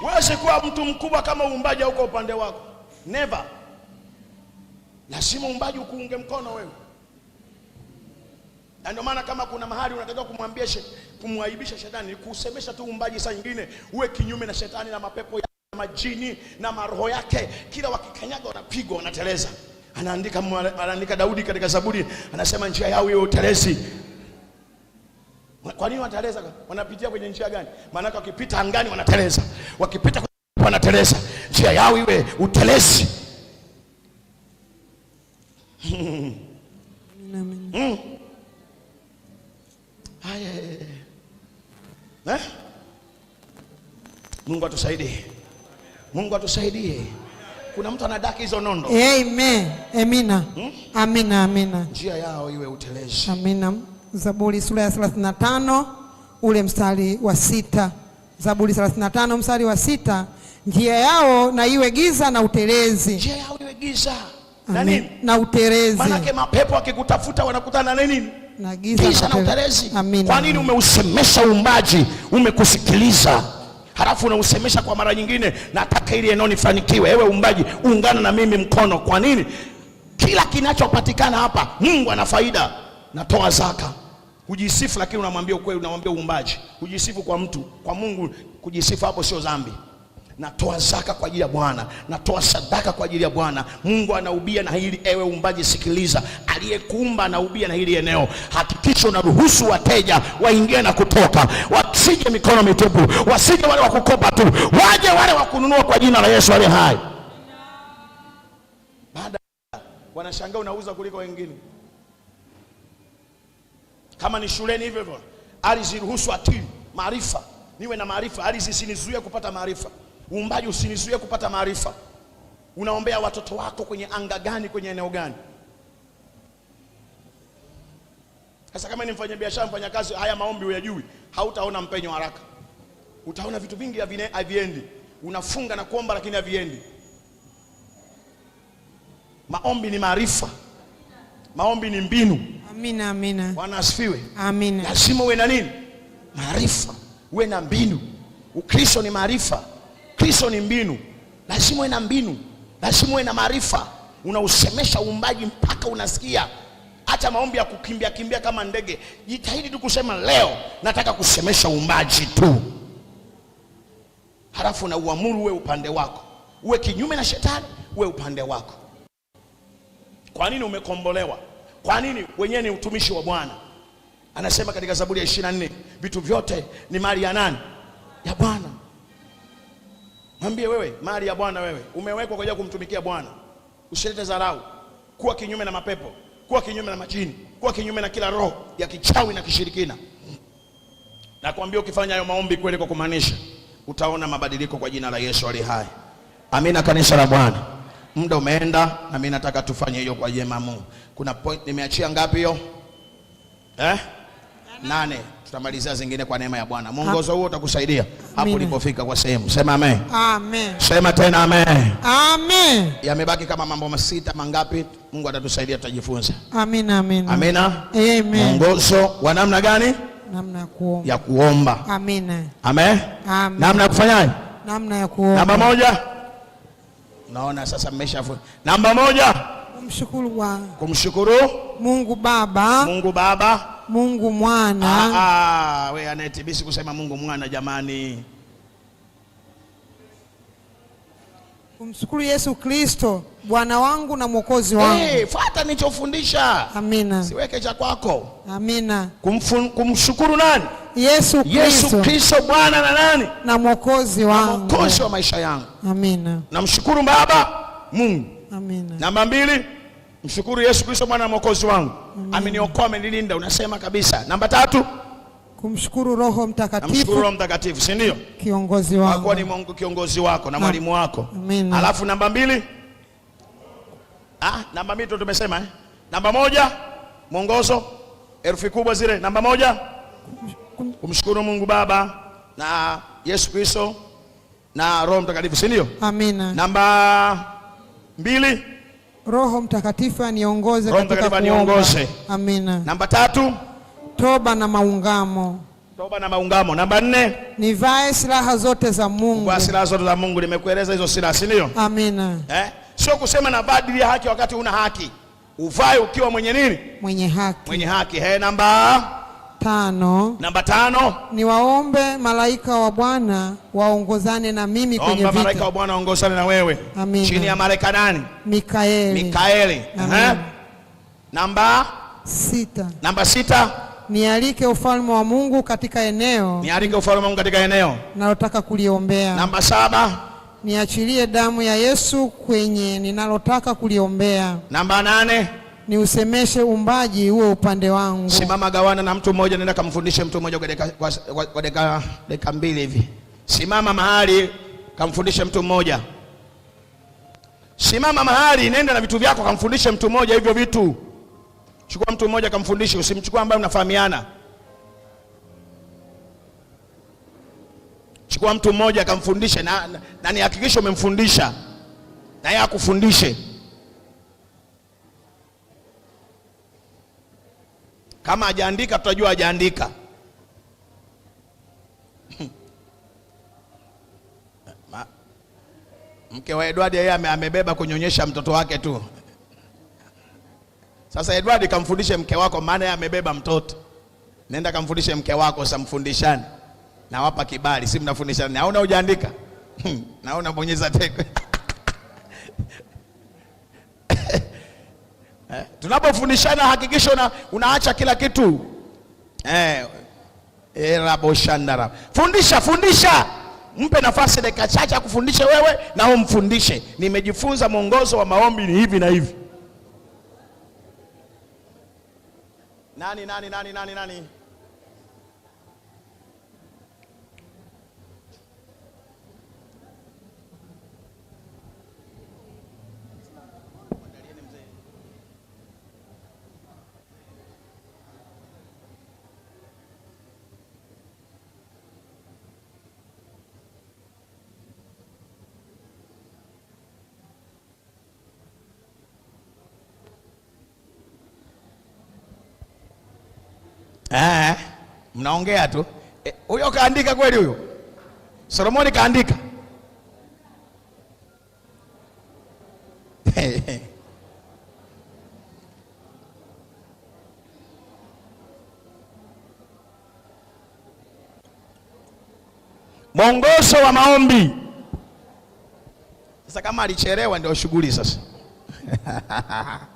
Huwezi kuwa mtu mkubwa kama uumbaji huko upande wako, never. Lazima uumbaji ukuunge mkono wewe, na ndio maana kama kuna mahali unatakiwa kumwambia kumwaibisha shetani kusemesha tu uumbaji, saa nyingine uwe kinyume na shetani na mapepo ya majini na maroho yake, kila wakikanyaga wanapigwa, wanateleza. Anaandika, anaandika Daudi katika Zaburi anasema, njia yao hiyo utelezi kwa nini wanateleza? Wanapitia kwenye njia gani? Maanake wakipita angani wanateleza, wakipita wanateleza, njia yao iwe utelezi. Hmm. Eh? Mungu atusaidie. Mungu atusaidie. Kuna mtu anadaki hizo nondo. Amen. Amina. Hmm? Amina, amina. Njia yao iwe utelezi. Amina. Zaburi sura ya 35 ule mstari wa sita. Zaburi 35 mstari wa sita, njia yao na iwe giza na utelezi. Njia yao iwe giza na nini? Na utelezi. Maana mapepo akikutafuta wanakutana na nini? Na giza na utelezi. Kwa nini umeusemesha uumbaji? Umekusikiliza halafu unausemesha kwa mara nyingine, nataka ili eneo nifanikiwe. Ewe umbaji ungana na mimi mkono. Kwa nini? Kila kinachopatikana hapa Mungu ana faida. Natoa zaka Hujisifu lakini unamwambia ukweli, unamwambia uumbaji. Hujisifu kwa mtu, kwa Mungu kujisifu hapo sio dhambi. Natoa zaka kwa ajili ya Bwana, natoa sadaka kwa ajili ya Bwana. Mungu anaubia na hili. Ewe uumbaji, sikiliza, aliyekuumba anaubia na hili eneo. Hakikisha unaruhusu wateja waingie na kutoka, wasije mikono mitupu, wasije wale wa kukopa tu, waje wale wa kununua, kwa jina la Yesu aliye hai. Baada wanashangaa unauza kuliko wengine. Kama ni shuleni hivyo hivyo, aliziruhusu ati maarifa, niwe na maarifa. Alizisinizuia kupata maarifa. Uumbaji usinizuie kupata maarifa. Unaombea watoto wako kwenye anga gani? Kwenye eneo gani? Sasa kama ni mfanya biashara, mfanya kazi, haya maombi uyajui, hautaona mpenyo haraka. Utaona vitu vingi haviendi. Unafunga na kuomba, lakini haviendi. Maombi ni maarifa, maombi ni mbinu. Amina, amina. Bwana asifiwe. Amina. Lazima uwe na nini? Maarifa, uwe na mbinu. Ukristo ni maarifa, Kristo ni mbinu. Lazima uwe na mbinu, lazima uwe na maarifa. Unausemesha uumbaji mpaka unasikia hata maombi ya kukimbia kimbia kama ndege. Jitahidi tu kusema leo nataka kusemesha uumbaji tu, halafu na uamuru uwe upande wako, uwe kinyume na shetani, uwe upande wako. Kwa nini umekombolewa? Kwa nini? Wenyewe ni utumishi wa Bwana. Anasema katika Zaburi ya ishirini na nne vitu vyote ni mali ya nani? Ya Bwana. Mwambie wewe, mali ya Bwana wewe, umewekwa kwa ajili ya kumtumikia Bwana. Usilete dharau, kuwa kinyume na mapepo, kuwa kinyume na majini, kuwa kinyume na kila roho ya kichawi na kishirikina. Nakwambia ukifanya hayo maombi kweli, kwa kumaanisha, utaona mabadiliko kwa jina la Yesu ali hai. Amina, kanisa la Bwana muda umeenda, na mimi nataka tufanye hiyo kwa jema Mungu. Kuna point nimeachia ngapi hiyo eh? Nane. Tutamalizia zingine kwa neema ya Bwana. Mwongozo huo utakusaidia hapo ulipofika kwa sehemu. Sema amen. Amen. Sema tena amen. Amen. Yamebaki kama mambo masita mangapi? Mungu atatusaidia tutajifunza. Amina, amina. Amina. Amen. Mwongozo wa namna gani? Namna ya kuomba. Ya kuomba. Amen. Amen. Namna ya kufanyaje? Namna ya kuomba. Namba moja. Naona sasa mmesha. Namba moja, kumshukuru Bwana, kumshukuru Mungu Baba, Mungu Baba, Mungu Mwana. Ah, ah, we anayetibisi kusema Mungu Mwana, jamani. Kumshukuru Yesu Kristo Bwana wangu na Mwokozi wangu. Hey, fuata nilichofundisha. Amina. Siweke cha kwako. Amina. Kumshukuru nani? Yesu Kristo. Yesu Kristo Bwana na nani? Na Mwokozi wangu. Mwokozi wa maisha yangu. Amina. Namshukuru Baba Mungu. Amina. Namba mbili, mshukuru Yesu Kristo Bwana na Mwokozi wangu. Ameniokoa, amenilinda, unasema kabisa. Namba tatu kumshukuru Roho Mtakatifu, Mtakatifu si ndio? Kiongozi wako akuwa ni Mungu kiongozi wako na mwalimu wako. Amen. Alafu namba mbili, ah, namba mbili tu tumesema eh? Namba moja mwongozo, herufi kubwa zile. Namba moja kumshukuru Mungu Baba na Yesu Kristo na Roho Mtakatifu si ndio? Amina. Namba mbili Roho Mtakatifu aniongoze katika kuomba. Amina. Namba tatu toba na maungamo. Toba na maungamo. Namba nne, nivae silaha zote za Mungu. Kwa silaha zote za Mungu, nimekueleza hizo silaha, si ndio? Amina. Eh? Sio kusema na badili ya haki wakati una haki, uvae ukiwa mwenye nini? Mwenye haki, mwenye haki. He, eh, namba tano. Namba tano, niwaombe malaika wa Bwana waongozane na mimi kwenye vita. Omba malaika wa Bwana waongozane na wewe. Amina. Chini ya malaika nani? Mikaeli. Mikaeli. Eh? Namba sita. Namba sita Nialike ufalme wa Mungu katika eneo. Nialike ufalme wa Mungu katika eneo. Nalotaka kuliombea. Namba saba. Niachilie damu ya Yesu kwenye ninalotaka kuliombea. Namba nane. Niusemeshe umbaji huo upande wangu. Simama gawana na mtu mmoja, nenda kamfundishe mtu mmoja kwa dakika mbili hivi. Simama mahali kamfundishe mtu mmoja. Simama mahali, nenda na vitu vyako kamfundishe mtu mmoja hivyo vitu. Chukua mtu mmoja kamfundishe, usimchukua ambaye mnafahamiana. Chukua mtu mmoja kamfundishe na, na, na nihakikishe umemfundisha na yeye akufundishe. Kama hajaandika tutajua hajaandika. Mke wa Edward yeye amebeba kunyonyesha mtoto wake tu. Sasa Edward, kamfundishe mke wako, maana amebeba mtoto. Nenda kamfundishe mke wako, samfundishane. Nawapa kibali, si mnafundishana. Naona hujaandika hmm, naona bonyeza teke eh, tunapofundishana hakikisha una, unaacha kila kitu eh, eh boshandara. Fundisha, fundisha Mpe nafasi dakika chache akufundishe wewe, na umfundishe. Nimejifunza mwongozo wa maombi ni hivi na hivi. nani nani nani nani nani Eh, mnaongea tu eh, huyo. E, kaandika kweli huyo Solomoni kaandika mwongozo wa maombi. Sasa kama alichelewa ndio shughuli sasa